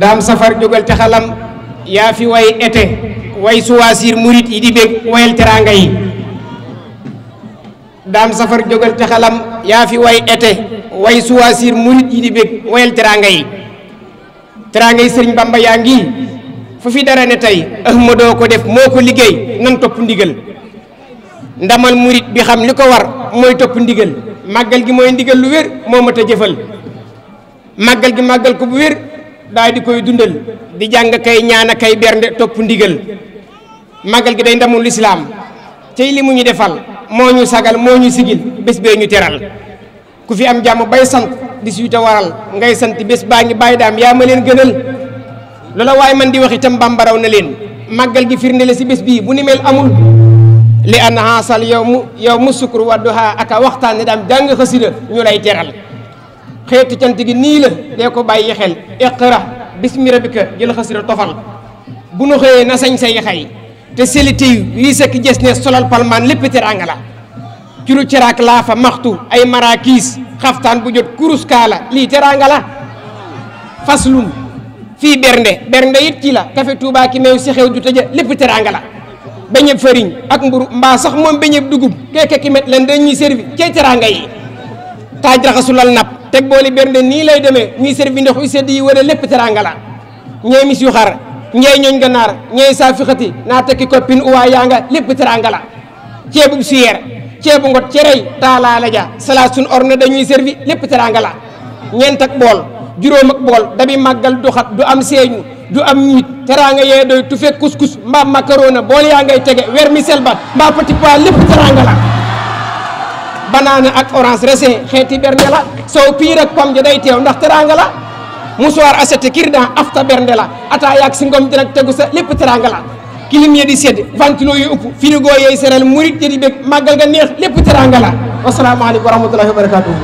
daam safar jógal te yaa fi way été way suwaasir murit yi di bég wayal teraanga yi daam safar jógal te yaa fi way été way suwaasir murit yi di bég wayal teraanga yi teraanga yi sëriñ Bamba yaa ngi fu fi dara ne tey Ahmadoo ko def moo ko liggéey nan topp ndigal ndamal murit bi xam li ko war mooy topp ndigal màggal gi mooy ndigal lu wér moo mat a jëfal màggal gi màggal ko bu wér daal di koy dundal di jàng kay ñaan kay bernde topp ndigal màggal gi day ndamul lislaam tey li mu ñu defal moo ñu sagal moo ñu sigil bés bee ñu teral ku fi am jàmm bay sant di suy te waral ngay sant bés baa ngi bàyyi daam yaa ma leen gënal loola waaye man di wax itam bàmbaraw na leen màggal gi firnde la si bés bii bu ni mel amul li an haasal yow mu yow mu sukkur wadduha aka waxtaan ne daam jàng xasida ñu lay teral xeetu cant gi nii la dee ko bàyyi xel iqra bismi rabbika jël xasira tofal bu nu xëyee na sañ sa xay te selite yu lii sekk jes ne solal palmaan lépp teraanga la ci lu ceraak laa fa maxtu ay maraakiis xaftaan bu jot kurus kaala lii teraanga la faslun fii bernde bernde it ci la café Touba ki meew si xew ju lépp teraanga la beñeb fariñ ak mburu mbaa sax moom beñeb dugub keeke ki met leen dañuy servi cey teraanga yi taaj raxasu lal napp teg booli bernde nii lay demee ñuy servi ndox yu sedd yi wala lépp teranga la ñee mis yu xar ñee ñooñ ganaar ñee saa fixati naa tekki koppin uwaa yaa nga lépp teranga ceebu ceebub suyeer ceebu ngot cerey taalaala ja salaat sun orne dañuy servi lépp teranga la ñeent ak bool juróom ak bool dabi màggal du xat du am seeñu du am ñiit teranga yee doy tufe couscous mbaa macarona bool yaa ngay tege vermicelle ba mbaa petit pois lépp banaana ak orange raisin xeeti bernde la soow piir ak day teew ndax teraanga la musuwaar asete kirdan afta bernde la ataaya ak si ngom dina tegu sa lépp teraanga la kilim ya di sedd ventilo yu upp frigo yey sereel murit ya di bég màggal nga neex lépp teraanga la wasalaamaaleykum wa rahmatullahi wa barakatuh